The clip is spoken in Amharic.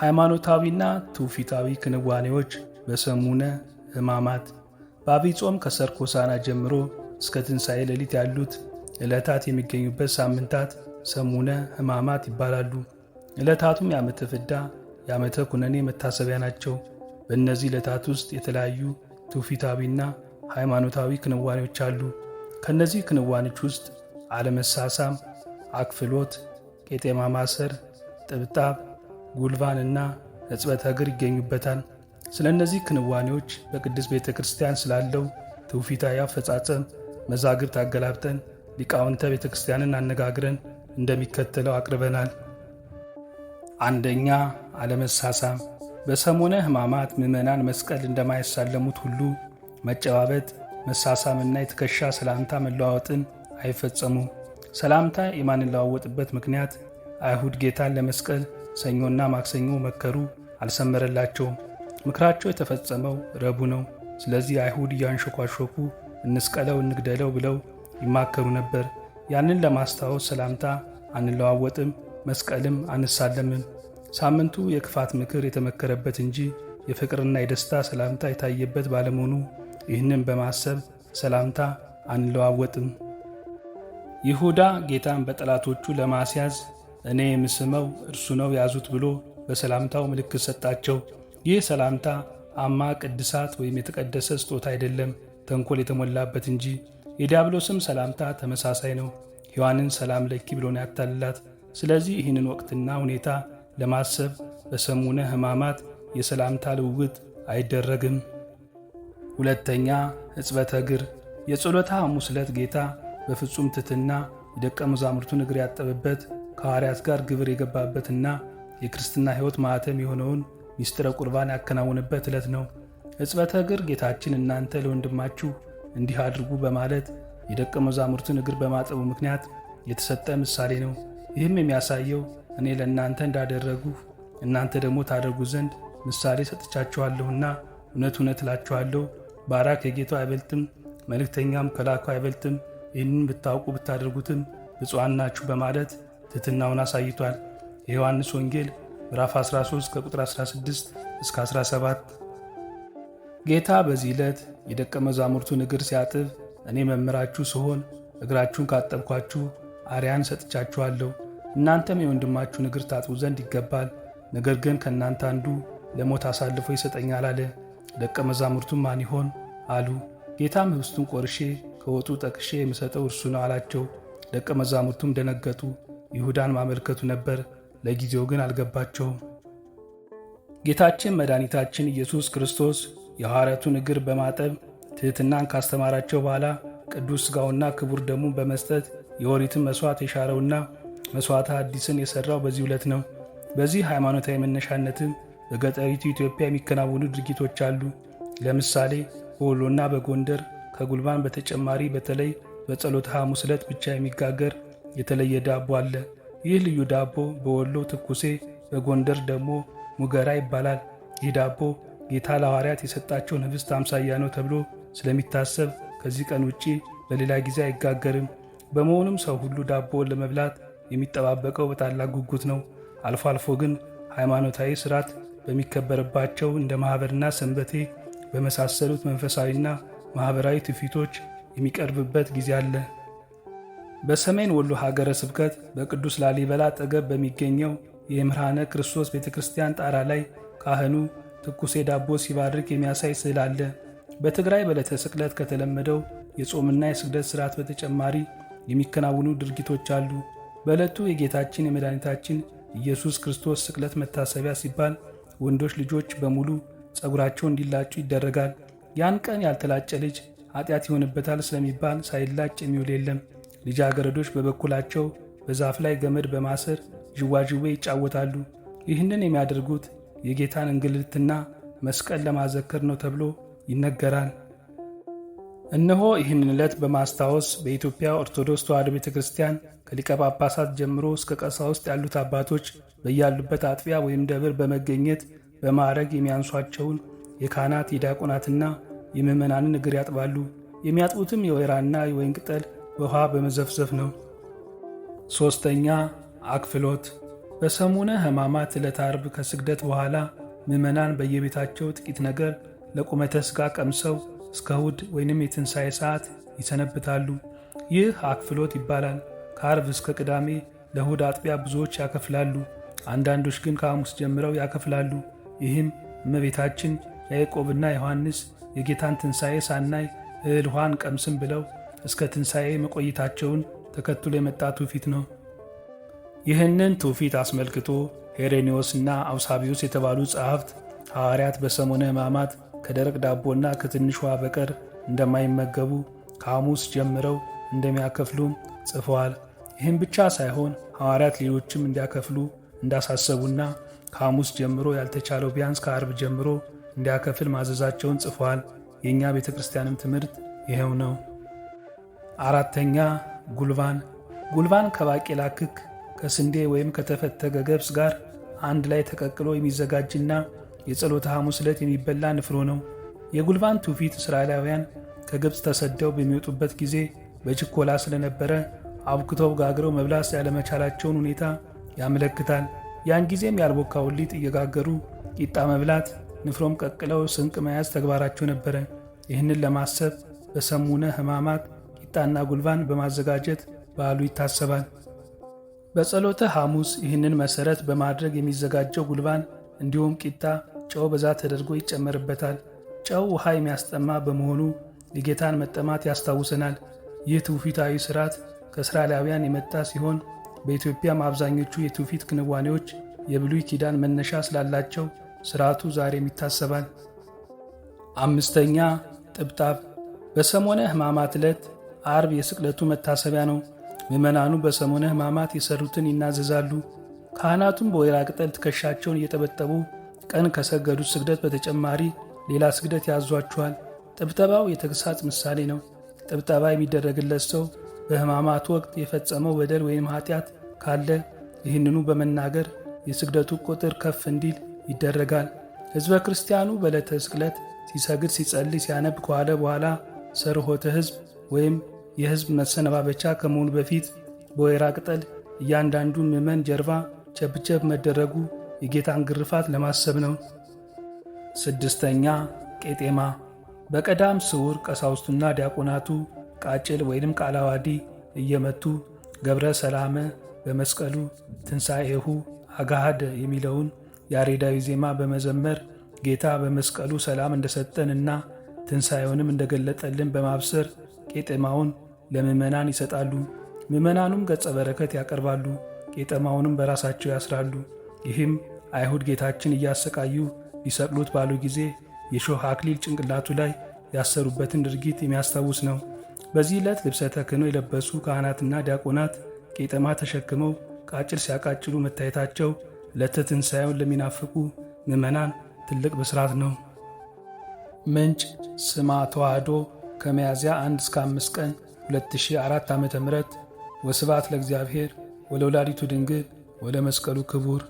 ሃይማኖታዊና ትውፊታዊ ክንዋኔዎች በሰሙነ ሕማማት በአብይ ጾም ከሰርክ ሆሳዕና ጀምሮ እስከ ትንሣኤ ሌሊት ያሉት ዕለታት የሚገኙበት ሳምንታት ሰሙነ ሕማማት ይባላሉ። ዕለታቱም የዓመተ ፍዳ፣ የዓመተ ኩነኔ መታሰቢያ ናቸው። በእነዚህ ዕለታት ውስጥ የተለያዩ ትውፊታዊና ሃይማኖታዊ ክንዋኔዎች አሉ። ከእነዚህ ክንዋኔዎች ውስጥ አለመሳሳም፣ አክፍሎት፣ ቄጤማ ማሰር፣ ጥብጣብ ጉልባንና እጽበተ እግር ይገኙበታል። ስለ እነዚህ ክንዋኔዎች በቅድስት ቤተ ክርስቲያን ስላለው ትውፊታዊ አፈጻጸም መዛግብት አገላብጠን ሊቃውንተ ቤተ ክርስቲያንን አነጋግረን እንደሚከተለው አቅርበናል። አንደኛ አለመሳሳም። በሰሞነ ሕማማት ምዕመናን መስቀል እንደማይሳለሙት ሁሉ መጨባበጥ፣ መሳሳምና የትከሻ ሰላምታ መለዋወጥን አይፈጸሙም። ሰላምታ የማንለዋወጥበት ምክንያት አይሁድ ጌታን ለመስቀል ሰኞና ማክሰኞ መከሩ፣ አልሰመረላቸውም። ምክራቸው የተፈጸመው ረቡዕ ነው። ስለዚህ አይሁድ እያንሾኳሾኩ እንስቀለው፣ እንግደለው ብለው ይማከሩ ነበር። ያንን ለማስታወስ ሰላምታ አንለዋወጥም፣ መስቀልም አንሳለምም። ሳምንቱ የክፋት ምክር የተመከረበት እንጂ የፍቅርና የደስታ ሰላምታ የታየበት ባለመሆኑ ይህንን በማሰብ ሰላምታ አንለዋወጥም። ይሁዳ ጌታን በጠላቶቹ ለማስያዝ እኔ የምስመው እርሱ ነው ያዙት ብሎ በሰላምታው ምልክት ሰጣቸው። ይህ ሰላምታ አማ ቅድሳት ወይም የተቀደሰ ስጦታ አይደለም፣ ተንኮል የተሞላበት እንጂ። የዲያብሎስም ሰላምታ ተመሳሳይ ነው። ሔዋንን ሰላም ለኪ ብሎን ያታልላት። ስለዚህ ይህንን ወቅትና ሁኔታ ለማሰብ በሰሙነ ሕማማት የሰላምታ ልውውጥ አይደረግም። ሁለተኛ ሕጽበተ እግር። የጸሎተ ሐሙስ ዕለት ጌታ በፍጹም ትሕትና የደቀ መዛሙርቱን እግር ያጠበበት ከሐዋርያት ጋር ግብር የገባበትና የክርስትና ሕይወት ማኅተም የሆነውን ሚስጥረ ቁርባን ያከናውንበት ዕለት ነው። እጽበተ እግር ጌታችን እናንተ ለወንድማችሁ እንዲህ አድርጉ በማለት የደቀ መዛሙርትን እግር በማጠቡ ምክንያት የተሰጠ ምሳሌ ነው። ይህም የሚያሳየው እኔ ለእናንተ እንዳደረጉ እናንተ ደግሞ ታደርጉ ዘንድ ምሳሌ ሰጥቻችኋለሁና እውነት እውነት እላችኋለሁ ባራክ የጌታው አይበልጥም፣ መልእክተኛም ከላከው አይበልጥም። ይህንን ብታውቁ ብታደርጉትም ብፁዓን ናችሁ በማለት ትህትናውን አሳይቷል። የዮሐንስ ወንጌል ምዕራፍ 13 ከቁጥር 16 እስከ 17። ጌታ በዚህ ዕለት የደቀ መዛሙርቱን እግር ሲያጥብ እኔ መምህራችሁ ስሆን እግራችሁን ካጠብኳችሁ አርያን ሰጥቻችኋለሁ፣ እናንተም የወንድማችሁን እግር ታጥቡ ዘንድ ይገባል፣ ነገር ግን ከእናንተ አንዱ ለሞት አሳልፎ ይሰጠኛል አለ። ደቀ መዛሙርቱም ማን ይሆን አሉ። ጌታም ኅብስቱን ቆርሼ ከወጡ ጠቅሼ የምሰጠው እርሱ ነው አላቸው። ደቀ መዛሙርቱም ደነገጡ። ይሁዳን ማመልከቱ ነበር። ለጊዜው ግን አልገባቸውም። ጌታችን መድኃኒታችን ኢየሱስ ክርስቶስ የሐዋርያቱን እግር በማጠብ ትሕትናን ካስተማራቸው በኋላ ቅዱስ ሥጋውና ክቡር ደሙን በመስጠት የኦሪትን መሥዋዕት የሻረውና መሥዋዕተ አዲስን የሠራው በዚህ ዕለት ነው። በዚህ ሃይማኖታዊ መነሻነትም በገጠሪቱ ኢትዮጵያ የሚከናወኑ ድርጊቶች አሉ። ለምሳሌ በወሎና በጎንደር ከጉልባን በተጨማሪ በተለይ በጸሎተ ሐሙስ ዕለት ብቻ የሚጋገር የተለየ ዳቦ አለ። ይህ ልዩ ዳቦ በወሎ ትኩሴ፣ በጎንደር ደግሞ ሙገራ ይባላል። ይህ ዳቦ ጌታ ለሐዋርያት የሰጣቸው ንብስት አምሳያ ነው ተብሎ ስለሚታሰብ ከዚህ ቀን ውጪ በሌላ ጊዜ አይጋገርም። በመሆኑም ሰው ሁሉ ዳቦውን ለመብላት የሚጠባበቀው በታላቅ ጉጉት ነው። አልፎ አልፎ ግን ሃይማኖታዊ ስርዓት በሚከበርባቸው እንደ ማኅበርና ሰንበቴ በመሳሰሉት መንፈሳዊና ማኅበራዊ ትውፊቶች የሚቀርብበት ጊዜ አለ። በሰሜን ወሎ ሀገረ ስብከት በቅዱስ ላሊበላ አጠገብ በሚገኘው የምርሃነ ክርስቶስ ቤተ ክርስቲያን ጣራ ላይ ካህኑ ትኩስ ዳቦ ሲባርክ የሚያሳይ ስዕል አለ። በትግራይ በዕለተ ስቅለት ከተለመደው የጾምና የስግደት ሥርዓት በተጨማሪ የሚከናውኑ ድርጊቶች አሉ። በዕለቱ የጌታችን የመድኃኒታችን ኢየሱስ ክርስቶስ ስቅለት መታሰቢያ ሲባል ወንዶች ልጆች በሙሉ ጸጉራቸው እንዲላጩ ይደረጋል። ያን ቀን ያልተላጨ ልጅ ኃጢአት ይሆንበታል ስለሚባል ሳይላጭ የሚውል የለም። ልጃገረዶች በበኩላቸው በዛፍ ላይ ገመድ በማሰር ዥዋዥዌ ይጫወታሉ። ይህንን የሚያደርጉት የጌታን እንግልትና መስቀል ለማዘከር ነው ተብሎ ይነገራል። እነሆ ይህን ዕለት በማስታወስ በኢትዮጵያ ኦርቶዶክስ ተዋሕዶ ቤተ ክርስቲያን ከሊቀ ጳጳሳት ጀምሮ እስከ ቀሳውስት ያሉት አባቶች በያሉበት አጥቢያ ወይም ደብር በመገኘት በማዕረግ የሚያንሷቸውን የካህናት የዲያቆናትና የምዕመናንን እግር ያጥባሉ። የሚያጥቡትም የወይራና የወይን ቅጠል ውሃ በመዘፍዘፍ ነው። ሦስተኛ አክፍሎት በሰሙነ ሕማማት ዕለት አርብ ከስግደት በኋላ ምዕመናን በየቤታቸው ጥቂት ነገር ለቁመተ ሥጋ ቀምሰው እስከ እሑድ ወይንም የትንሣኤ ሰዓት ይሰነብታሉ። ይህ አክፍሎት ይባላል። ከአርብ እስከ ቅዳሜ ለሁድ አጥቢያ ብዙዎች ያከፍላሉ። አንዳንዶች ግን ከሐሙስ ጀምረው ያከፍላሉ። ይህም እመቤታችን ያዕቆብና ዮሐንስ የጌታን ትንሣኤ ሳናይ እህል ውሃን ቀምስም ብለው እስከ ትንሣኤ መቆየታቸውን ተከትሎ የመጣ ትውፊት ነው። ይህንን ትውፊት አስመልክቶ ሄሬኔዎስና አውሳቢዎስ የተባሉ ጸሐፍት ሐዋርያት በሰሞነ ሕማማት ከደረቅ ዳቦና ከትንሿ በቀር እንደማይመገቡ ከሐሙስ ጀምረው እንደሚያከፍሉም ጽፈዋል። ይህም ብቻ ሳይሆን ሐዋርያት ሌሎችም እንዲያከፍሉ እንዳሳሰቡና ከሐሙስ ጀምሮ ያልተቻለው ቢያንስ ከአርብ ጀምሮ እንዲያከፍል ማዘዛቸውን ጽፈዋል። የእኛ ቤተ ክርስቲያንም ትምህርት ይኸው ነው። አራተኛ ጉልባን ጉልባን ከባቄላ ክክ ከስንዴ ወይም ከተፈተገ ገብስ ጋር አንድ ላይ ተቀቅሎ የሚዘጋጅና የጸሎተ ሐሙስ ዕለት የሚበላ ንፍሮ ነው። የጉልባን ትውፊት እስራኤላውያን ከግብፅ ተሰደው በሚወጡበት ጊዜ በችኮላ ስለነበረ አብክተው ጋግረው መብላስ ያለመቻላቸውን ሁኔታ ያመለክታል። ያን ጊዜም ያልቦካውን ሊጥ እየጋገሩ ቂጣ መብላት፣ ንፍሮም ቀቅለው ስንቅ መያዝ ተግባራቸው ነበረ። ይህንን ለማሰብ በሰሙነ ሕማማት ቂጣና ጉልባን በማዘጋጀት በዓሉ ይታሰባል። በጸሎተ ሐሙስ ይህንን መሠረት በማድረግ የሚዘጋጀው ጉልባን እንዲሁም ቂጣ ጨው በዛ ተደርጎ ይጨመርበታል። ጨው ውሃ የሚያስጠማ በመሆኑ የጌታን መጠማት ያስታውሰናል። ይህ ትውፊታዊ ሥርዓት ከእስራኤላውያን የመጣ ሲሆን በኢትዮጵያም አብዛኞቹ የትውፊት ክንዋኔዎች የብሉይ ኪዳን መነሻ ስላላቸው ሥርዓቱ ዛሬም ይታሰባል። አምስተኛ ጥብጣብ በሰሞነ ሕማማት ዕለት አርብ የስቅለቱ መታሰቢያ ነው። ምዕመናኑ በሰሙነ ሕማማት የሰሩትን ይናዘዛሉ። ካህናቱም በወይራ ቅጠል ትከሻቸውን እየጠበጠቡ ቀን ከሰገዱት ስግደት በተጨማሪ ሌላ ስግደት ያዟቸዋል። ጥብጠባው የተግሳጽ ምሳሌ ነው። ጥብጠባ የሚደረግለት ሰው በሕማማት ወቅት የፈጸመው በደል ወይም ኃጢአት ካለ ይህንኑ በመናገር የስግደቱ ቁጥር ከፍ እንዲል ይደረጋል። ሕዝበ ክርስቲያኑ በዕለተ ስቅለት ሲሰግድ፣ ሲጸልይ፣ ሲያነብ ከዋለ በኋላ ሰርሆተ ሕዝብ ወይም የሕዝብ መሰነባበቻ ከመሆኑ በፊት በወይራ ቅጠል እያንዳንዱ ምዕመን ጀርባ ቸብቸብ መደረጉ የጌታን ግርፋት ለማሰብ ነው። ስድስተኛ ቄጤማ። በቀዳም ስዑር ቀሳውስቱና ዲያቆናቱ ቃጭል ወይንም ቃላዋዲ እየመቱ ገብረ ሰላመ በመስቀሉ ትንሣኤሁ አጋሃደ የሚለውን ያሬዳዊ ዜማ በመዘመር ጌታ በመስቀሉ ሰላም እንደሰጠንና ትንሣኤውንም እንደገለጠልን በማብሰር ቄጠማውን ለምዕመናን ይሰጣሉ። ምዕመናኑም ገጸ በረከት ያቀርባሉ። ቄጠማውንም በራሳቸው ያስራሉ። ይህም አይሁድ ጌታችን እያሰቃዩ ሊሰቅሉት ባሉ ጊዜ የሾህ አክሊል ጭንቅላቱ ላይ ያሰሩበትን ድርጊት የሚያስታውስ ነው። በዚህ ዕለት ልብሰ ተክህኖ የለበሱ ካህናትና ዲያቆናት ቄጠማ ተሸክመው ቃጭል ሲያቃጭሉ መታየታቸው ዕለተ ትንሣኤውን ለሚናፍቁ ምዕመናን ትልቅ ብስራት ነው። ምንጭ ስማ ተዋህዶ ከሚያዝያ 1 እስከ 5 ቀን 2004 ዓ.ም። ወስብሐት ለእግዚአብሔር ወለወላዲቱ ድንግል ወለመስቀሉ ክቡር